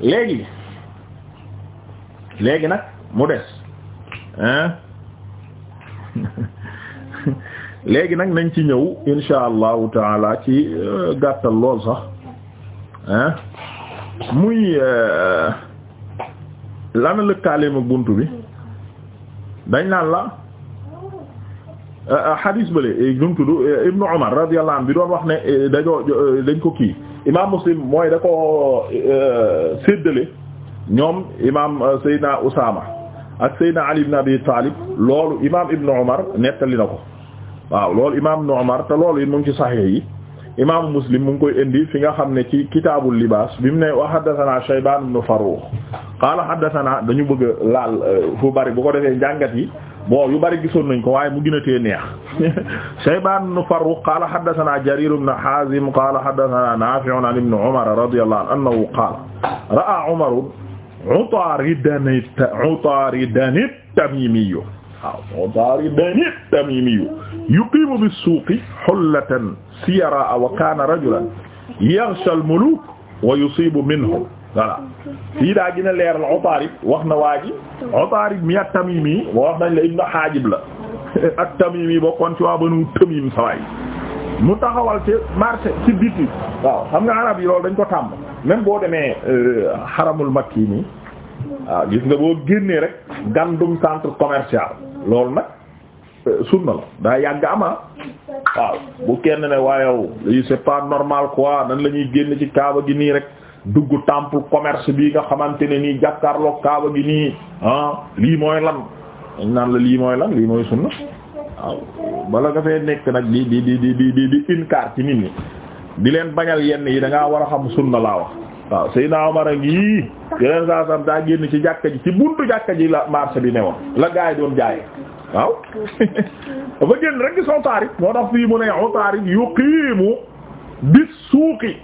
léegi léegi nag mu des hein léegi nag nañ ci ñëw insha allahu taala ci euh, gàttal lool sax hein muy euh, lana lëkkaaleem ak bunt bi dañ naan la euh, hadis bale eh, num tudd ibnu umar radiyallahu anhu bi doon wax ne eh, dañoo dañ ko kii imaam muslim mooy da ko euh, séddale ñoom imaam euh, Seydina Usaama ak Seydina Ali ibn Abi Taalib loolu imaam Ibn Umar nettali na ko waaw loolu imaam Ibn Umar te loolu it mu ngi ci saxiix yi imaamu muslim mu ngi koy indi fi nga xam ne ci kitaabul libaas bi mu ne wa haddasanaa Shaybaan ibn Farrukh qaala haddasanaa dañu bëgg laal euh, fu bari bu ko defee njàngat yi. bon yu bari gisoon nañ ko waaye mu gën a tee neex Shaybaan ibn Farrukh qaala haddathanaa Jariir ibn Haazim qaala haddathanaa Naafi'un an ibn Umar radiyallahu anhu qaala ra'aa Umar Utaaridan Utaaridan at-Tamiimi waaw Utaaridan at-Tamiimi yuqiimu bis-suuqi hullatan siyaraa wa kaana rajulan yaghshaa al-muluuk wa yusiibu minhum voilà fii daa gën a leeral Utaarib wax na waa ji Utaarib mi at-Tamimi moo wax nañ la ibn Haajib la at-Tamimi bokkoon ci waa Banu Tamim sawaay mu taxawal ci marché ci biti waaw xam nga arab yi loolu dañ ko tàmm même boo demee xaramul euh, makki nii waaw gis nga boo génnee rek gandum centre commercial loolu nag euh, sunna la daa yàgg ama ah. waaw bu kenn ne waayow lii c'est pas normal quoi nan la ñuy génn ci kaaba gi nii rek dugg temple commerce bi nga xamante ne nii jàkkaarloo kaaba gi nii ah, lii mooy lan dañ naan la lii mooy lan lii mooy sunna waaw bala nga fee nekk nag di di di di di di inkaar ci nit ñi di leen bañal yenn yi danga war a xam sunna laa wax waaw Seydina Omar a ngi yeneen saa sam daa génn ci jàkka ji ci buntu jàkka ji la marché bi ne woon la gaay doon jaay waaw dafa génn rek gis otaarib moo tax fii mu ne otaarib yuqiimu bis suuqi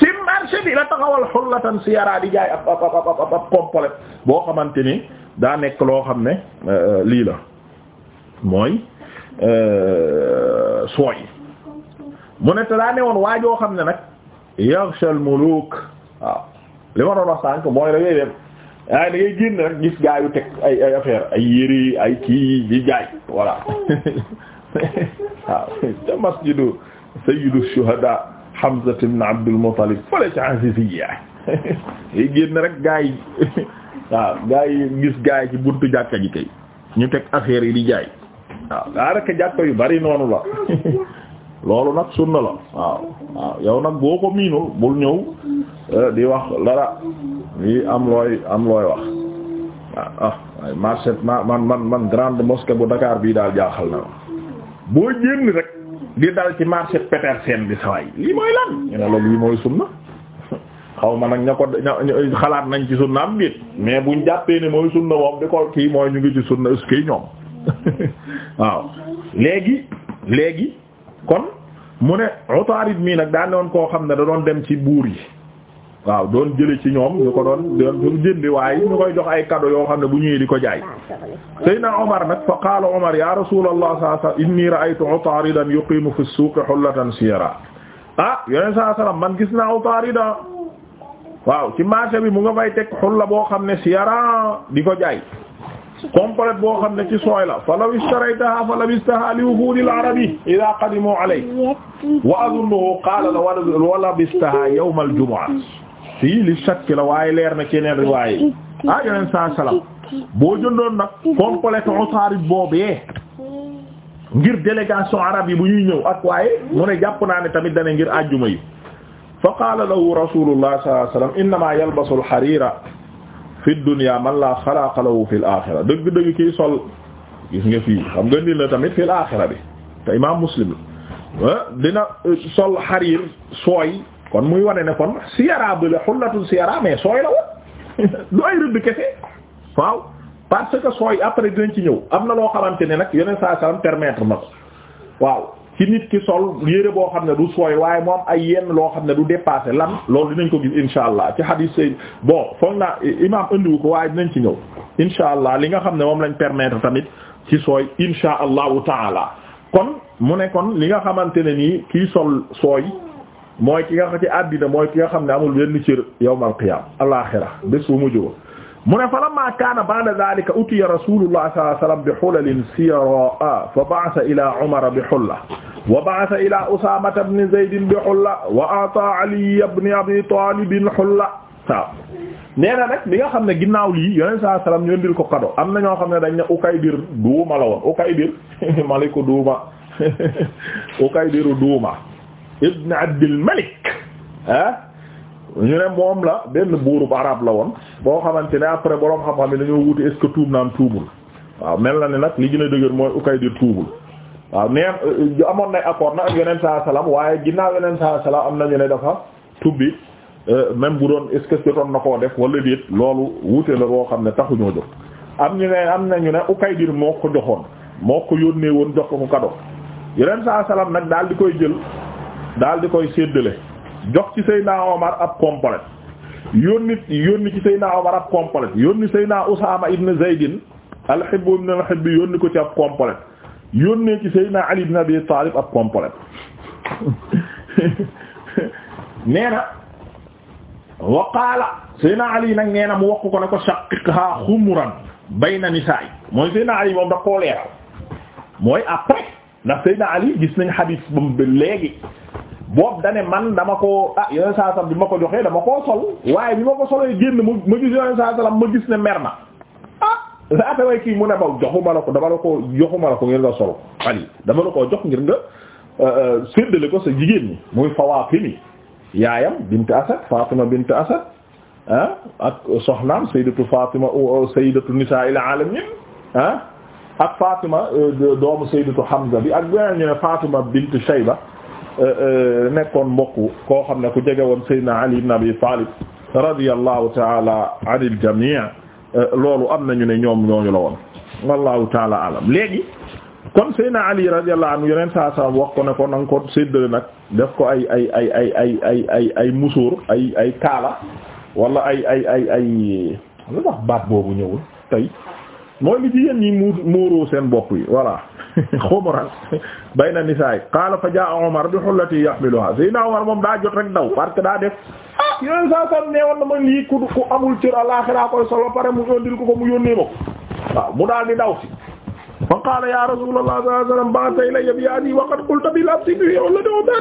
ci marché bi la taxawal xullatan siyara di jaay ab ab ab ab ab boo xamante ni daa nekk loo xam ne euh, lii la mooy euh, sooy mu ne te daa ne woon waajoo xam ne nag yaxshal muluk waaw li ma doon wax mooy rek ngay dem waaye da ngay génn gis gaa teg ay affaire ay yére ay kii di jaay voilà waaw ca masjidu sayyidu shuhada Hamza ibn Abdul Muttalib gaa yi gaa yi gis gaa yi ñu teg affaire yi di jaay waaw yu bari noonu loolu nag sunna la waaw waaw yow nag boo miinul bul ñëw eh, di wax la lii am looy am looy wax waaw ah, man man man grande bu Dakar bii daal jaaxal na la boo génn di dal ci marché Petersen bi saway lii mooy lan ñu ne la lii mooy sunna xaw ma nag ña ko xalaat nañ ci sunna am biit mais buñ jàppee ne mooy sunna moom di ko kii mooy ñu ngi ci sunna est-ce que ñoom waaw léegi léegi kon mu ne Utarid mii nag daa ne koo xam ne da dem ci buur yi waaw doon jële ci ñoom ñu ko doon doon jëndi waaye ñu koy jox ay cadeau yoo xam ne bu ñëwee di ko jaay ah, Seydina Omar nag fa qaala Omar ya rasulallah sallallahu alayhi wa sallam inni ra'aytu utaridan yuqimu fi as-suuq hullatan siyara ah yoneen saa sallam man gis naa utarida waaw ci marché bi mu nga fay teg xulla boo xam ne siyara di ko jaay complet boo xam ne ci sooy la fa law ishtaraytaha fa labistaha li wufuudil arabi ida qadimu alayk wa azunnuhu qaala la walabistaha yawmal jumu'a fii li shakki la waaye leer na ci yeneen riwaay yi ah yeneen saa salaam boo jëndoon nag complet boobee ngir délégation arabe yi bu ñuy ñëw ak waaye mu ne jàpp naa ne tamit dane ngir àjjuma yi fa qaala lahu rasulullah sallallahu alayhi wasallam innama yalbasu alxarira dunya man la xalaqa lahu fi l axira dëgg-dëgg kii sol gis nga fii xam nga ni la tamit fi l axira bi te imam muslim ah, dina sol xarir sooy kon muy ware ne kon siyara bi la xullatu siyara mais sooy la woon du ay rëdd kese waaw parce que sooy après dinañ ci ñëw am na loo xamante ne nag yeneen saa salaam permettre na ko waaw ci nit ki sol yére boo xam ne du sooy waaye moom ay yenn loo xam ne du dépasser lan loolu dinañ ko gis insha allah ci hadis say bon foog naa imaam andiwu ko waaye dinañ ci ñëw insha allah li nga xam ne moom lañ permettre tamit ci sooy insha allahu taala kon mu ne kon li nga xamante ne nii kii sol sooy mooy ki nga xam ci àddina mooy ki nga xam ne amul benn cër yawmal qiyaam alaaxira bés bu mujj ba mu ne falammaa kaana ba'da zaalika utiya rasuulullaah sallallaahu alayhi wa sallam bi hulalin siyaaraa fa ba'atha ilaa Umara bi hulla wa ba'atha ilaa Usaamata bni Zaydin bi hulla wa a'taa Aliyya bni Abii Taalibin hulla waaw nee na nag li nga xam ne ginnaaw lii yonent sallallaahu alayhi wa sallam ñu indil ko kado am na ñoo xam ne dañ ne Ukaydir duuma la woon Ukaydir maliku duuma Ukaydiru duuma ibn Abdul Malik ah ñu ne moom la benn buurub arab la woon boo xamante ne après boroom xam-xam yi dañoo wuti est tuub naan tuubul waaw mel na ne nag li gën a dëgër mooy Ukayd di tuubul waaw neen euh, amoon nay accord na ak yeneen saa salaam waaye ginnaaw yeneen saa salaam am na nañu ne dafa tubbi euh, même bu doon est-ce que jotoon na koo def wala déet loolu wuute la woo xam ne taxuñoo jóg am ñu ne am nañu ne Ukaydir moo ko joxoon moo ko yónnee woon jox ko kado yeneen daal di koy séddale jox ci Seydina Omar ab complet yónni yónni ci Seydina Omar ab complet yónni Seydina Usaama ibn Zaydin al ibn al yónni ko ci ab complet yónnee ci Seydina Ali ibn Abi Talib ab complet nee na wa qaala Seydina Ali nag nee mu wax ko ne ko shaqiqha xumuran bayna nisaa mooy Seydina Ali moom da koo leeral mooy après ndax Seydina Ali gis nañ xadiis bam léegi boobu dane man dama ko ah yeneen saa sallam bi ma ko joxee dama koo sol waaye bi ma ko solee génn mu ma gis yeneen saa sallam ma gis ne mer na ah laata way kii mu ne ma joxuma la ko dama la ko joxuma la ko ngir nga sol ali dama la koo jox ngir nga euh, euh, séddale ko sa jigéen ñi muy fawaatimi yaayam bint asad fatima bint asad ah ak soxnaam sayyidatu fatima euh, sayyidatu nisaa'il alamin ah ak fatima doomu sayyidatu hamza bi ak beneen ñu ne fatima bint shayba Euh, euh, nekkoon mbokku koo xam ne ku jege woon Seydina Ali ibn Abi Talib radiyallahu taala anil jamii euh, loolu am nañu ne ñoom ñooñu la woon wallahu taala alam léegi kon Seydina Ali radiyallahu anhu yeneen saa saa wax ko ne ko ko séddale nag def ko ay ay ay ay ay ay ay ay musuur ay ay kaala wala ay ay ay ay lu baat boobu ñëwul tey mooy li jigéen ñi mu muuroo seen bopp yi voilà xumuran bayna nisaay qaala fa jaa Umar bi xullati yaxmiluha Seydina Umar moom daa jot rek daw parce que daa def ah yooyu saa saa neewoon na ma lii ku amul cër alaaxiraa solo pare mu yónnil ko ko mu yónnee ma ko mu daal di daw si fa qaala ya rasulallah sallallahu alayhi wa sallam ba'atha bi yadi wa qad qulta bil bi wallati ma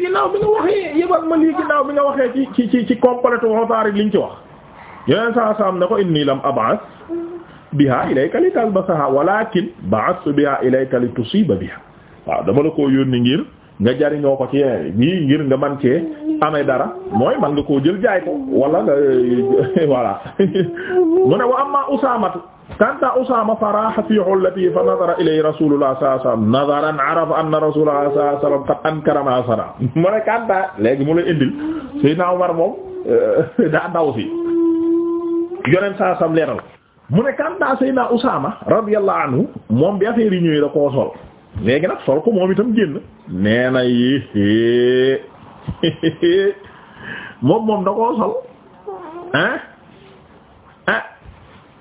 ginnaaw bi nga waxee yebal ma ci ci ci ci complet waxu wax yéen saa salaam ne ko inni lam ab'ath biha ilayka li talbasaha walakin ba'astu biha ilayka li biha waaw dama la koo yónni ngir nga jariñoo ko ci yeneen bii ngir nga man cee amee dara mooy man nga koo jël jaay ko wala nga voilà mu ne wa amma usaamatu kanta fa nadara ilay rasulullah sallallahu alayhi wasallam rasulullah sallallahu alayhi ankara ma sana mu ne kanta léegi mu la indil Seydina Umar moom daa ndaw si yoneen saa mu ne kantaa Seydina Usaama radiyallahu anhu moom bi affaire yi ñëwee da koo sol léegi nag sol ko moom itam génn nee na yi moom moom da koo sol ah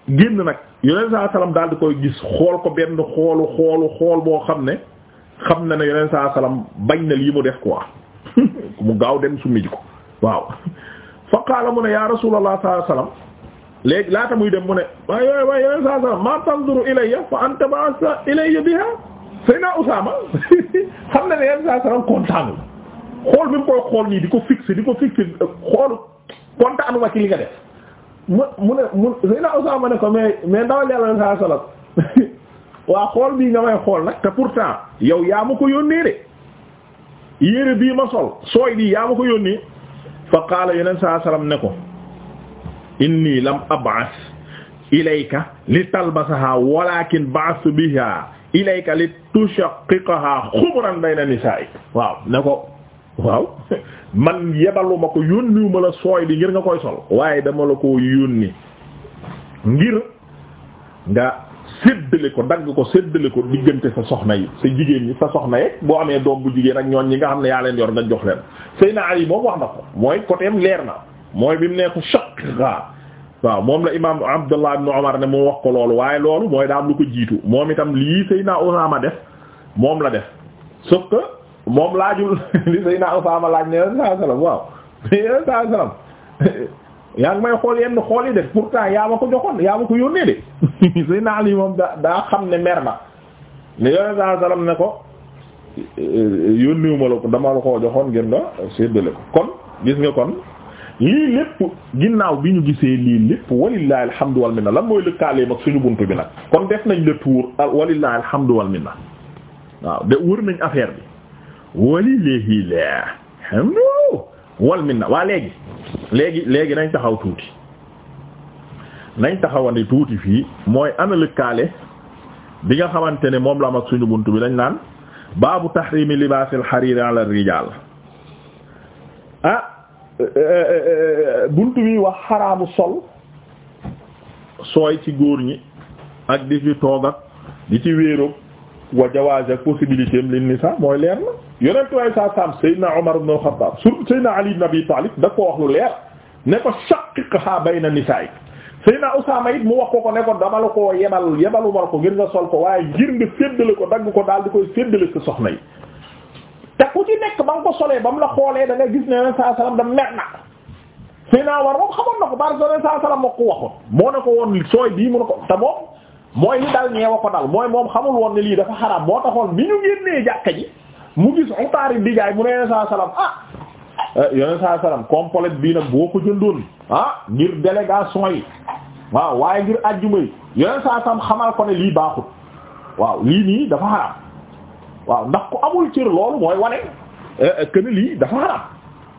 génn nag yoneen saa salaam daal di koy gis xool ko benn xoolu xoolu xool boo xam ne xam na ne yoneen saa salaam bañ na lii mu def quoi mu gaaw dem su miji ko waaw fa qaala mu ne ya Rasuulallah sallallahu alayhi wasallam léegi laata muy dem mu ne waaye yooyu waaye yooyu saa saa ma tanzuru ilayya fa anta ba'asa ilayya biha sayna Usaama xam na ne yenn saa saa kontaanul xool bi mu koy xool nii di ko fixé di ko fixé xool kontaanuma ci li nga def mu mu ne mu sayna Usaama ne ko mais mais ndawal yàlla saa saa waa xool bii nga may xool nag te pour pourtant yow yaa ma ko yónnee de yére bii ma sol sooy bii yaa ma ko yónnee fa qaala yeneen saa salaam ne ko. inni lam ab'as ilayka li talbasaha walakin ba'astu biha ilayka li tushaqqiqaha xumran bayna nisaa'ik waaw ne ko waaw man yebaluma ko yónniwuma la sooy bi ngir nga koy sol waaye dama la ko yónni ngir nga séddale ko dagg ko séddale ko diggante sa soxna yi sa jigéen ñi sa soxna yeeg boo amee doom bu jigéen ak ñoon ñi nga xam ne yaa leen yor nga jox leen Seyna Ali moom wax na ko mooy côté am leer na mooy bi mu nekk choc waaw waaw moom la imaam Abdullah ibn Umar ne mu wax ko loolu waaye loolu mooy daa am lu ko jiitu moom itam lii naa Usaama def moom la def sauf que moom laajul li Seydina Usaama laaj ne yonent saa salaam may xool yenn xool def pourtant ko joxoon yaa moom da daa xam ne mer na ne yonent saa salaam ne ko yónniwuma la ko dama la koo joxoon ngeen la séddale ko kon gis nga kon. lii lépp ginnaaw bi ñu gisee lii lépp walillahi alhamdu wal lan mooy lëkkaaleem ak suñu bunt bi nag kon def nañ le tour walillahi alhamdu wal minna waaw de wër nañ affaire bi walillahi alhamdu wal minna waa léegi léegi léegi nañ taxaw tuuti nañ taxawandi tuuti fii mooy ana lëkkaale bi nga xamante ne moom la am suñu bunt bi dañ naan baabu tahrimi libaasil hariir ala rijaal buntu bi wax xaraamu sol sooy ci góor ñi ak di fi toog ak di ci wéeroog wa jawaaz ak possibilité am li nisa mooy leer na yonentu way sa sam Seydina Omar ibn al-Khattab sur Seydina Ali ibn Abi Talib da ko wax lu leer ne ko shaqiqha bayna nisaa yi Seydina Usaama it mu wax ko ko ne ko dama la koo yebal yebalu ma ko ngir nga sol ko waaye ngir nga séddale ko dagg ko daal di koy séddale sa soxna yi te ku ci nekk ba nga ko solee ba mu la xoolee da gis na leen saa salaam da mer na sëy naa war moom xamoon na ko parce que leen saa salaam moo ko waxoon moo ne ko woon sooy bii mu ne ko te moom mooy li dal ñeewa ko dal mooy moom xamul woon ne lii dafa xaraam moo taxoon bi ñu génnee jàkka ji mu gis utaari digaay mu ne leen saa salaam ah yoneen saa salaam complet bii nag boo ko jëndoon ah ngir délégation yi waaw waaye ngir àjjuma yi yoneen saa salaam ko ne lii baaxul waaw waaw ndax ku amul cër loolu mooy wane eh, eh, que ni lii dafa xaraam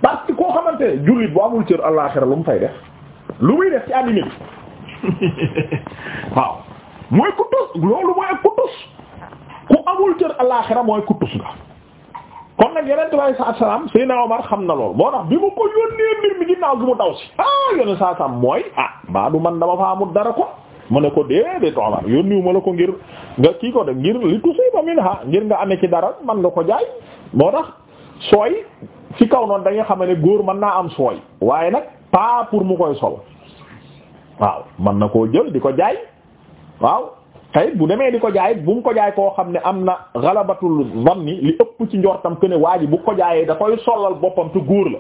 parce koo xamante jullit bu amul cër àllaxira lu mu fay def lu muy def ci àddina bi waaw mooy ku tus loolu mooy ku tus ku amul cër àllaxira mooy ku nga. kon nag yeneen tubaab yi saa salaam Seydina Omar xam na lool moo tax bi mu ko yónnee mbir mi ginnaaw gi mu daw si ah yeneen saa salaam mooy ah maa du man dama fa amul dara ko. mu ne ko déedéet Omar yónniwu ma la ko ngir nga kii ko de ngir li tusiba minha ngir nga amee ci dara man nga ko jaay moo tax sooy ci kaw noonu dangay nga ne góor mën naa am sooy waaye nag pas pour mu koy sol waaw mën na koo jël di ko jaay waaw tayit bu demee di ko jaay bu ko jaay koo xam ne am na galabatul zanni li ëpp ci njortam que ne waa ji bu ko jaayee da koy solal boppam te góor la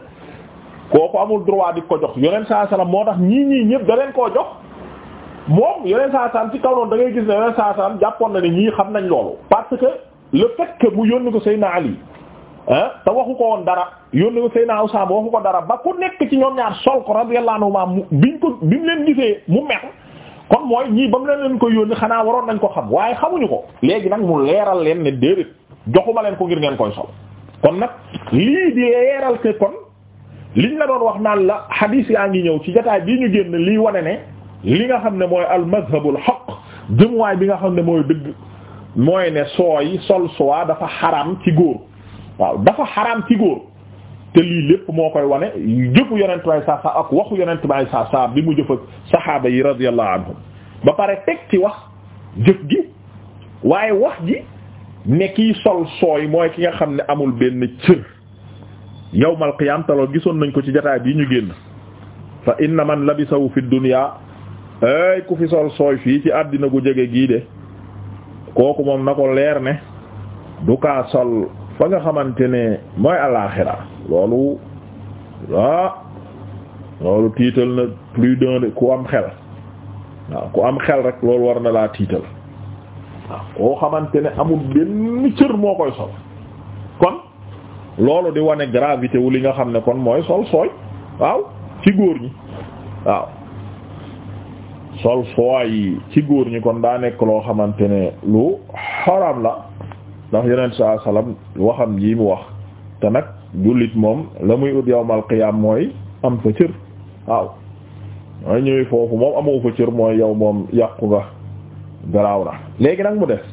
kooku amul droit di ko jox yoneen saa salaam moo tax ñii ñii ñëpp da koo jox moom yeneen saa saam ci kaw noonu da ngay gis na yeneen saa saam jàppoon na ne ñii xam nañ loolu parce que le fait que mu yónni ko Seydina Ali ah te waxu ko woon dara yónni ko Seydina Usaama waxu ko dara ba ku nekk ci ñoom ñaar sol ko radiyallahu anhu biñ ko biñ leen gisee mu meq kon mooy ñii ba mu leen leen ko yónni xanaa waroon nañ ko xam waaye xamuñu ko léegi nag mu leeral leen ne déedéet joxuma leen ko ngir ngeen koy sol kon nag lii di leeral ke kon liñ la wax naan la hadith ngi ñëw ci jotaay bii ñu génn lii wane ne li nga xam ne mooy al mazhabul haqq jëmuwaay bi nga xam ne mooy dëgg mooy ne sooy sol soie dafa xaram ci góor waaw dafa xaram ci góor te lii lépp moo koy wane jëfu yonent baay saa saa ak waxu yonent baay saa saa bi mu jëf ak saxaaba yi radiyallahu ba pare teg ci wax jëf gi waaye wax ji ne kiy sol sooy mooy ki nga xam ne amul benn cër yawmal qiyaam taloo gisoon nañ ko ci jotaay bii ñu génn fa inna man labisahu fi dunya ay ku fi sol sooy fii ci àddina gu jege gii de kooku moom na ko leer ne du kaa sol fa nga xamante ne mooy alaaxira loolu ah loolu tiital na plus d'un ku am xel waaw ku am xel rek loolu war na laa tiital koo xamante ne amul benn cër moo koy sol kon loolu di wane gravité wu li nga xam ne kon mooy sol sooy waaw ci góor ñi waaw sol foo yi ci góor ñi kon daa nekk loo xamante ne lu xaraam la ndax yeneen saa salaam waxam ji mu wax te nag jullit moom la muy ut yawmal qiyaam mooy am fa cër waaw mooy ñëwee foofu moom amoo fa cër mooy yow moom yàqu nga garaaw na léegi nag mu des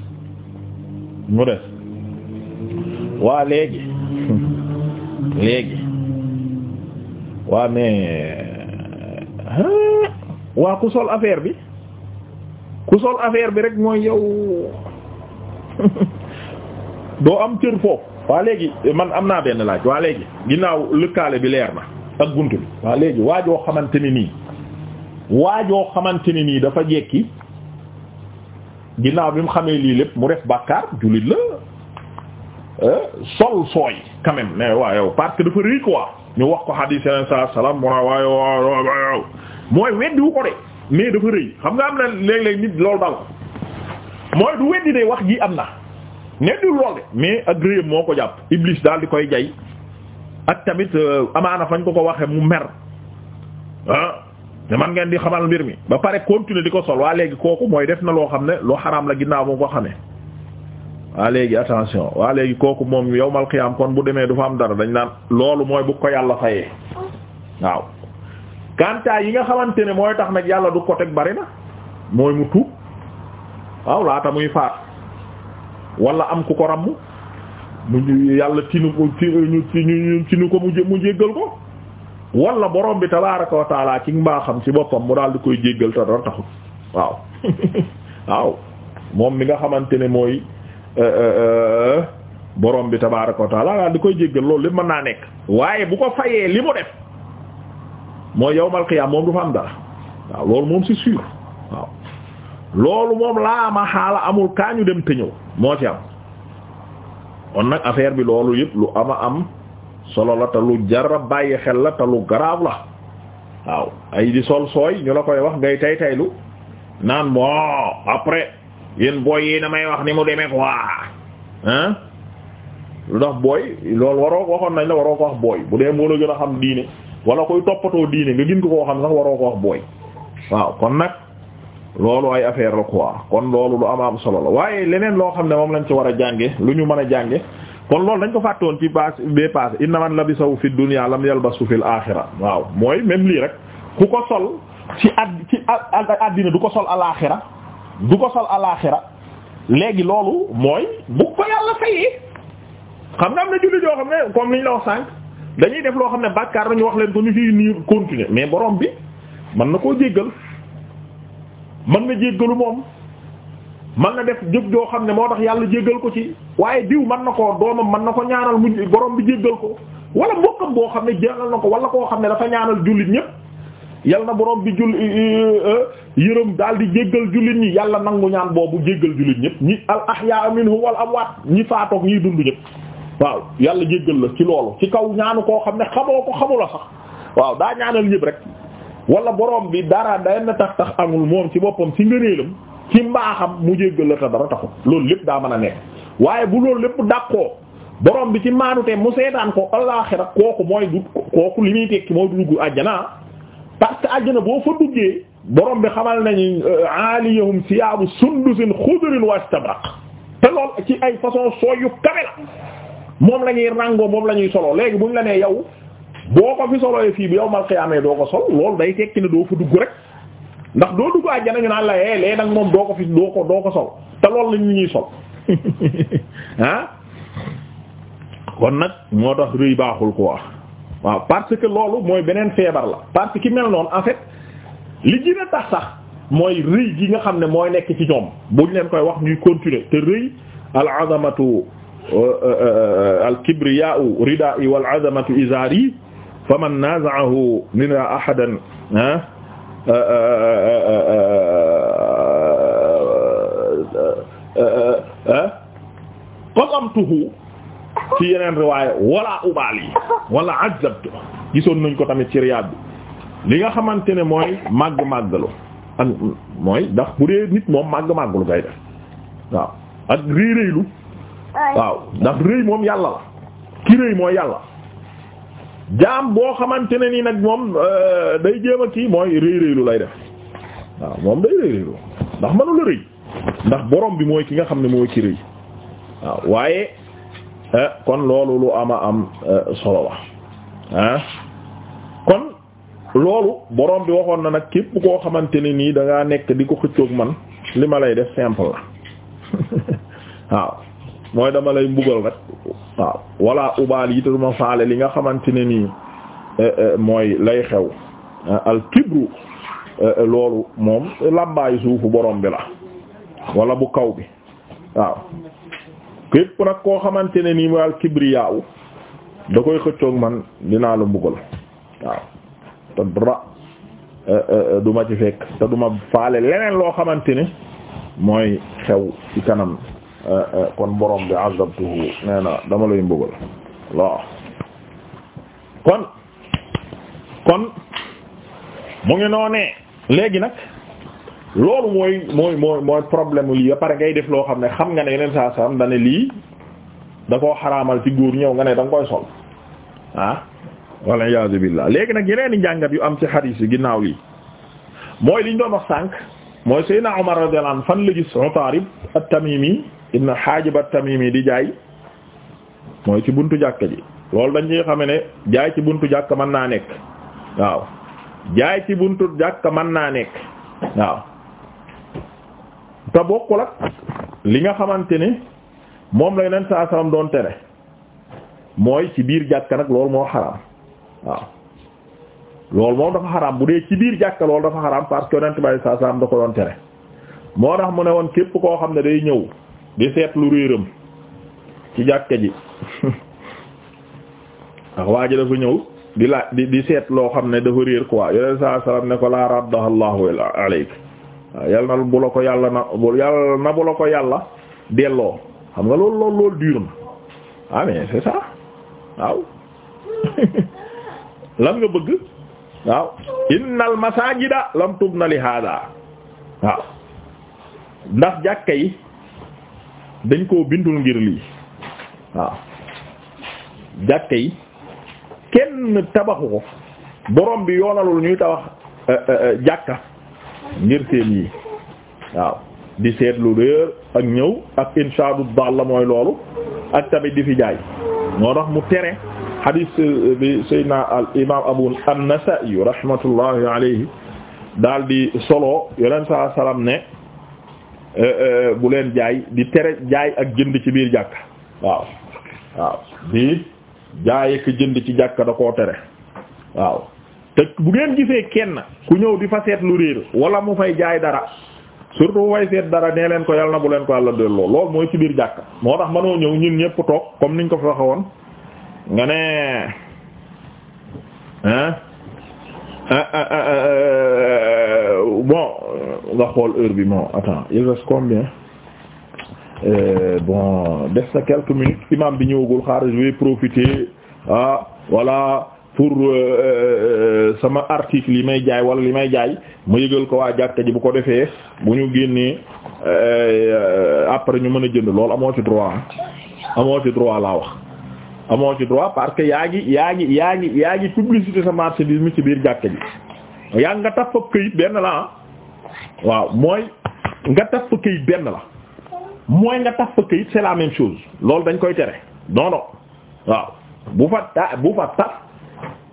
mu des waa léegi léegi waa mais waa ku sol affaire bi ku sol affaire bi rek mooy yow doo am cër foofu waa léegi man am naa benn laaj waa léegi ginnaaw lëkkaale bi leer na ak gunt bi waa léegi waajoo xamante ne nii waajoo xamante ne nii dafa jekki ginnaaw bi mu xamee lii lépp mu def bàkkaar jullit la euh, sol sooy quand même mais waa yow parce que dafa réy quoi ñu wax ko hadis yeneen saa salaam mu ne waaye waaw mooy weddiwu ko de mais dafa rëy xam nga am na léeg-léeg nit loolu dal mooy du weddi de wax ji am na neddul lool de mais ak moo ko jàpp Iblis daal di koy jay ak tamit euh, amaana fañ ko ko waxee mu mer ah te man ngeen di xamal mbir mi ba pare continuer di ko sol waa léegi kooku mooy def na loo xam ne loo xaraam la ginnaaw moo ko xamee waa léegi attention waa léegi kooku moom yowmal xiyaam kon bu demee du fa am dara dañ naan loolu mooy bu ko yàlla fayee waaw kanta yi nga xamante ne mooy tax nag yàlla du ko teg bari na mooy mu tuub waaw laata muy faat walla am ku ko ramm mu yàlla tinu ko tinu ko mu jéggal ko wala borom bi tabaaraka wa taala ci xam si boppam mu daal di koy jéggal ta dara taxut waaw waaw moom mi nga xamante ne mooy euh, euh, euh, borom bi tabaaraka wa taala di koy jéggal loolu lépp mën naa nekk waaye bu ko fayee li mu def moo yow qiyaam moom du fa am dara waaw loolu moom c'est sûr waaw loolu moom laa ma xaala amul kaa ñu dem te ñëw moo ci am kon nag affaire bi loolu yëpp lu a am solo la te lu jara bàyyi xel la te lu garaaw la waaw ay di sol sooy ñu la koy wax ngay tay taylu naan bon après yéen booy yi damay wax ni mu demee quoi hein lu tax booy loolu waroo waxoon nañ la waroo ko wax booy bu dee moo la gën a xam diine wala koy toppatoo diine nga gin ko koo xam sax waroo ko wax booy waaw kon nag loolu ay affaire la quoi kon loolu lu am am solo la waaye leneen loo xam ne moom lañ ci war a jànge lu ñu mën a jànge kon loolu dañ ko fàttoon ci pass bee pass inna man labisahu fi dunya lam yalbasu fil axira waaw mooy même lii rek ku ko sol ci ad du ko sol alaaxira du ko sol alaaxira léegi loolu mooy bu ko yàlla fayee xam nga am na julli joo xam ne dañuy def loo xam ne bàkkaar dañu wax leen ko ñu ciy nii continuer mais borom bi mën na koo jéggal mën na jéggalu moom mën na def jëf joo xam ne moo tax yàlla jéggal ko ci waaye diw mën na ko doomam mën na ko ñaanal mu borom bi jéggal ko wala mbokkam boo xam ne jéggal na ko wala koo xam ne dafa ñaanal jullit ñépp yal na borom bi jul yërëm daal di jéggal jullit ñi yàlla nangu ñaan boobu jéggal jullit ñépp ñi al ahyaa minhum wal amwaat ñi faatoog ñiy dund waaw yàlla jéggal la ci loolu ci kaw ñaanu koo xam ne xamoo ko xamula sax waaw daa ñaanal ñëpp rek wala borom bi dara day na tax tax amul moom ci boppam ci ngëneelam ci mbaaxam mu jéggal la te dara taxul loolu lépp daa mën a nekk waaye bu loolu lépp dàqoo borom bi ci maanute mu seetaan ko allaaxira kooku mooy du kooku li muy tekki mooy du dugg àjjana parce que àjjana boo fa duggee borom bi xamal nañu euh, aaliyahum siyaabu sundusin xudurin wastabraq te lool ci ay façon sooy yu kawe moom la ñuy ràngoo moom la ñuy soloo léegi buñ la nee yow boo ko fi soloyee fii bi yow mal xiyaamee doo ko sol loolu day tekki ne doo fa dugg rek ndax doo dugg àjjana ñu naa la eh léegi nag moom doo ko fi doo ko doo ko sol te loolu la ñu ñuy sol ah. kon nag moo tax rëy baaxul ko wax parce que loolu mooy beneen feebar la parce que ki mel noonu en fait li gën a tax sax mooy rëy gi nga xam ne mooy nekk ci ñoom buñ leen koy wax ñuy continuer te rëy al azamatu Euh, euh, al-kibriyaa'u ridaa'i wal 'azamatu izaari faman naaza'ahu minhaa ahadan ah, ah, ah, qasamtuhu ci yeneen riwaaya wala ubaali wala azabtu gisoon nañ ko tamit ci Riyaad bi li nga xamante ne mooy màgg màggalu ak mooy ndax bu dee nit moom màgg màggalu kay def waaw ak réeréelu waaw ndax rëy moom yàlla la ki rëy mooy yàlla jaam boo xamante ne nii nag moom euh, day jéem a kii mooy rëy rëylu lay def waaw moom day rëy rëylu ndax mënu la rëy ndax borom bi mooy ki nga xam ne mooy ki rëy waaw waaye euh, kon loolu lu ama am euh, solo la ah kon loolu borom bi waxoon na nag képp koo xamante ne nii da nekk di ko xëccoog man li ma lay def simple la waaw mooy dama lay mbugal rek waaw wala ubaal yi te duma faale li nga xamante ne nii eh, eh, mooy lay xew eh, al loolu moom làmbaayu suufu borom bi la wala bu kaw bi waaw képp nag koo xamante ne nii mooy al kibriyaaw da koy xëccoog man dinaa la mbugal waaw te duma ci fekk te duma faale leneen loo xamante ne mooy xew ci kanam Eh, eh, kon borom bi azabtuhu nee na dama lay mbugal waaw kon kon mu ngi noonee léegi nag loolu mooy mooy mooy mooy problème lii ba pare ngay def loo xam ne xam nga ne yeneen saa saam dane lii da koo xaraamal ci góor ñëw nga ne da nga koy sol ah walla iyaazu billaah léegi nag yeneen i njàngat yu am si xadiis yi ginnaaw lii mooy liñ doon wax sànq mooy Seydina Umar radiyallahu anhu fan la gis Utaarib at-Tamimi ibn Haajib at mii di jaay mooy ci buntu jàkka ji loolu dañ ciy xame ne jaay ci buntu jàkka mën naa nekk waaw jaay ci buntu jàkka man naa nekk waaw te bokkul ak li nga xamante ni moom lay yeneen saa salaam doon tere mooy ci biir jàkka nag loolu moo xaraam waaw loolu moom dafa xaraam bu dee ci biir jàkka loolu dafa xaraam parce que yonent bi saa da ko doon tere moo tax mu ne woon képp koo xam ne day ñëw. di seet lu réeram ci jàkka ji ndax waa ji dafa ñëw di laaj di di loo xam ne dafa réer quoi yoneen saa salaam ne ko laa raddaha Allahu alayk waaw yal na bu la ko yàlla ko yàlla delloo xam nga loolu loolu loolu na ah c'est ça waaw lan nga bëgg waaw innal masajida lam tubna li hada waaw ndax jàkka yi dañ koo bindul ngir lii waaw yi kenn tabaxu ko borom bi yoonalul ñuy tabax euh, euh, euh, jàkka ngir seen yi waaw di seetlu réer ak ñëw ak inshaadu daal mooy loolu ak tamit di fi jaay moo mu tere hadis bi sayyidina al imam abu an-Nasa'i rahmatullahi alayhi daal di solo yeneen saa salaam Euh, euh, bu leen jaay di tere jaay ak jënd ci biir jàkka waaw waaw di jaay ak jënd ci jàkka da koo tere waaw te bu ngeen gisee kenn ku ñëw di fa seet lu réer wala mu fay jaay dara surtout mu fay seet dara nee leen ko yàlla na bu leen ko yàlla delloo lool mooy ci biir jàkka moo tax mënoo ñëw ñun ñëpp toog comme niñ ko fa waxee woon nga ne ah, ah, ah, ah bon euh, nga xool heure bi moom attends il reste combien euh, bon def na quelque minutes imam bi ñëwagul xaar je vais profiter ah voilà pour euh, sama article yi may jaay wala li may jaay ma yëgal ko waa jàkka ji bu ko defee bu ñu génnee après ñu mën a jënd loolu amoo ci droit ah. amoo ci droit laa wax amoo ci droit parce que yaa ngi yaa ngi yaa ngi yaa ngi publicité sa marchandise mi ci biir jàkka ji yaa nga taf fa këyit benn la ah. waaw mooy nga taf fa këyit benn la mooy nga taf fa këyit c'est la même chose loolu dañ koy tere non non waaw bu fa ta bu fa taf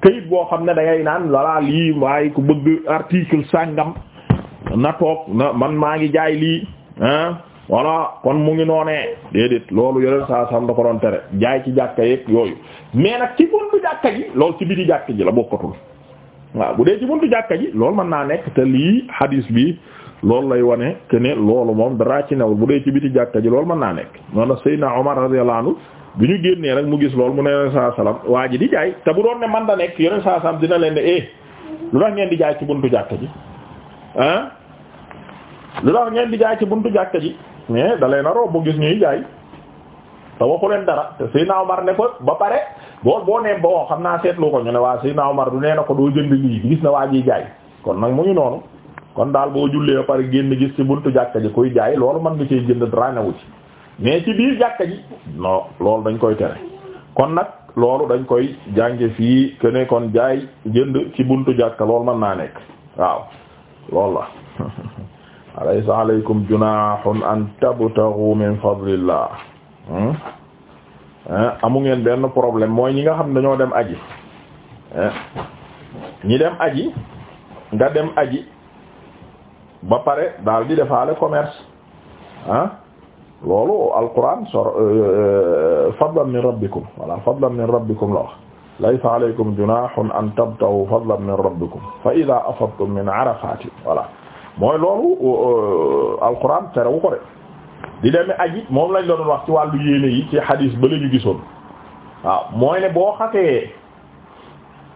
këyit boo xam ne da ngay naan voilà lii waaye ku bëgg article sàngam na toog na man maa ngi jaay lii ah kon mu ngi noonee déedéet loolu yeneen saa sam da ko doon tere jaay ci jàkka yeeg yooyu mais nag ci buntu jàkka ji loolu ci biti jàkka ji la bokkatul. waaw bu dee ci buntu jàkka ji loolu mën naa nekk te lii hadis bi loolu lay wane que ne loolu moom daraa ci newul bu dee ci biti jàkka ji lool mën naa nekk noonu na Seydina Omar radiyallahu anhu bi ñu génnee rek mu gis loolu mu ne yoneen waa ji di jaay te bu doon ne man da nekk yoneen saa salaam dina leen ne eh lu tax ngeen di jaay ci buntu jàkka ji ah lu tax ngeen di jaay ci buntu jàkka ji mais da leen a rob mu gis ñuy jaay te waxu leen dara te Seydina Omar ne ko ba pare. bool boo nee boo xam naa seetlu ko ñu ne waa Seydina Omar du nee na ko doo jënd lii gis na waa ji jaay kon nag mu ngi noonu kon daal boo jullee ba pare génn gis ci buntu jàkka ji koy jaay loolu mën nga cee jënd dara newu ci mais ci biir jàkka ji non loolu dañ koy tere kon nag loolu dañ koy jànge fii que kon jaay jënd ci buntu jàkka loolu mën naa nekk waaw loolu la alaysa alaykum junahun an tabtaghu min fadlillah hmm? amu ngeen benn problème mooy ñi nga xam ne dañoo dem aji ñi dem aji nga dem aji ba pare daal di defaale commerce ah loolu alquran sor euh, euh, fadlan min rabbikum wala fadlan min rabbikum la wax laysa alaykum junahun an tabtahu fadlan min rabbikum fa ida afadtum min arafati voilà mooy loolu euh, alquran terewu ko de di demee aji moom lañ doon wax ci wàllu yéene yi ci xadiis ba la ñu gisoon waaw mooy ne boo xasee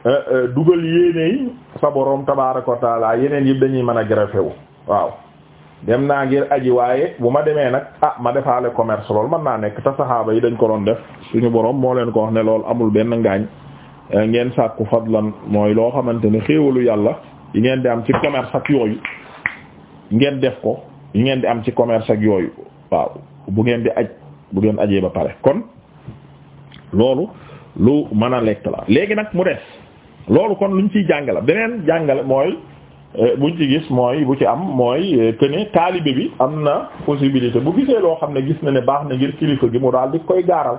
euh, euh, dugal yéene yi sa boroom tabaaraka wa taala yeneen yi dañuy mën a greffé wu waaw dem naa ngir aji waaye bu ma demee nag ah ma defaale commerce lool man naa nekk te saxaaba yi dañ ko doon def suñu boroom moo leen ko wax ne loolu amul benn ngaañ euh, ngeen sàkku fadlan mooy loo xamante ne xéewalu yàlla yi ngeen di am ci commerce ak yooyu ngeen def ko yi ngeen di am ci commerce ak yooyu waaw bu ngeen di aj bu ngeen aje ba pare kon loolu lu mën a lekk la léegi nag mu des loolu kon luñ ciy jàngale beneen jàngale mooy eh, buñ ci gis mooy bu ci am mooy eh, que ne taalibe bi am na possibilité bu gisee loo xam ne gis na ne baax na ngir kilifa gi mu daal di koy gaaral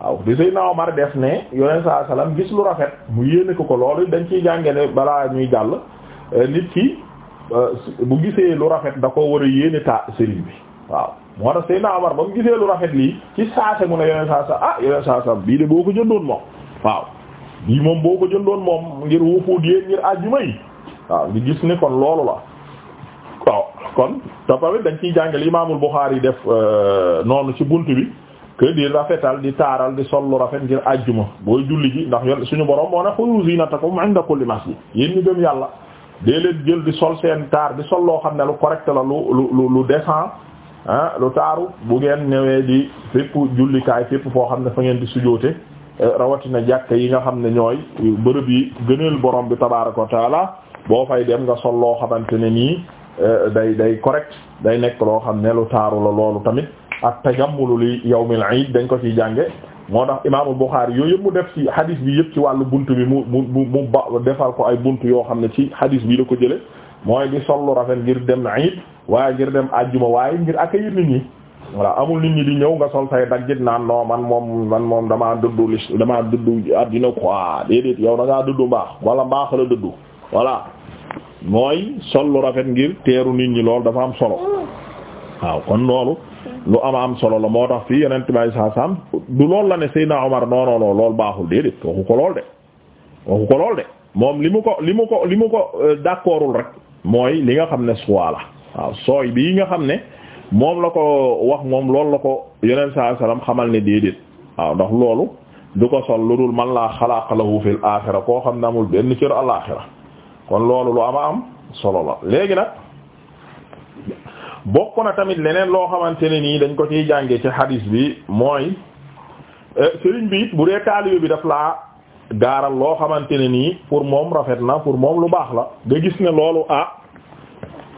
waaw di say na Omar def ne yoneen saa salaam gis lu rafet mu yéene ko ko loolu dañ ciy jàngale balaa ñuy jàll eh, nit ki bu gisee lu rafet da ko war a yéene ta sëriñ bi waaw moo tax Seydina Omar ba mu gisee lu rafet lii ci saase mu ne yeneen saa sa ah yeneen saa bii de boo ko jëndoon moom waaw bii moom boo ko jëndoon moom ngir wufuud yéen ngir àjjuma yi waaw ñu gis ne kon loolu la waaw kon toppamit dañ ciy jàngale Imaamul Buxaari def euh, noonu ci bunt bi que di rafetal di taaral di sol lu rafet ngir àjjuma booy julli ji ndax yoon suñu borom moo ne xuduu ziinatakum inda kulli masjid yéen ñu gëm yàlla dee leen seen taar di loo xam ne lu correct lu lu ah lu taaru bu ngeen ñëwee di fépp jullikaay fépp foo xam ne fa ngeen di sujoote eh, rawatina jàkk yi nga xam ne ñooy bërëb yi gëneel borom bi tabaaraka wa boo fay dem nga sol loo xamante ne nii eh, day day correct day nekk loo xam ne lu taaru la loolu tamit ak tajammulu li yow yawmil iid dañ ko ciy jànge moo tax imaamul Buxaari yooyu yëpp mu def ci hadis bi yëpp ci wàllu bunt bi mu mu mu ba defal ko ay bunt yoo xam ne ci hadis bi la ko jële mooy di sol lu rafet ngir dem iid waaye ngir dem àjjuma waaye ngir accueillir nit ñi voilà amul nit ñi di ñëw nga sol say daggit naan non man moom man moom damaa dëddu li damaa dëddu addina quoi déedéet yow da ngaa mbaax wala mbaax la dëddu voilà mooy sol lu rafet ngir teeru nit ñi loolu dafa am solo waaw kon loolu lu ama am solo la moo tax fii yeneen tubaab yi saa saam du loolu la ne Seydina Omar non non non loolu baaxul déedéet ko lool de waxu ko lool de moom li mu ko li mu ko li mu ko euh, d'accordul rek mooy li nga xam ne suwa la waaw sooy bii nga xam ne moom la ko wax moom loolu la ko yeneen saa salaam xamal ne déedéet waaw ndax loolu du ko sol lu dul man laa xalaa lahu fil aaxira koo xam ne amul benn cër alaaxira kon loolu lu ama am solo la léegi nag bokk na tamit leneen loo xamante ne nii dañ ko ciy jànge ci hadis bi mooy eh, sëriñ bi it bu dee taalibe bi daf laa gaaral loo xamante ne nii pour moom rafet na pour moom lu baax la nga gis ne loolu ah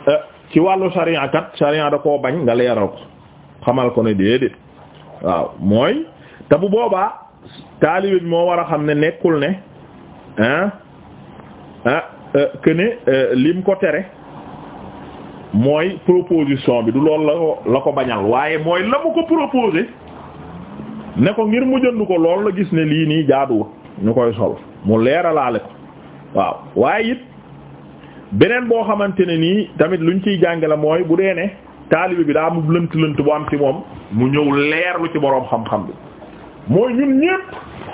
eh, ci wàllu sharia kat sharia da koo bañ nga leeral ko xamal ko ne déedéet waaw mooy te bu boobaa taalibe moo war a xam ne nekkul ne ah ah que ne euh, lim ko tere mooy proposition bi du lool la ko la ko bañal waaye mooy la mu ko proposé ne ko ngir mu jënd ko loolu la gis ne lii nii jaaduwut ñu koy sol mu leeralaale ko waaw waaye it beneen boo xamante ne nii tamit luñ ciy jàngale mooy bu dee ne taalibe bi daa mu lënt lënt bu am ci moom mu ñëw leerlu ci boroom xam-xam bi mooy ñun ñépp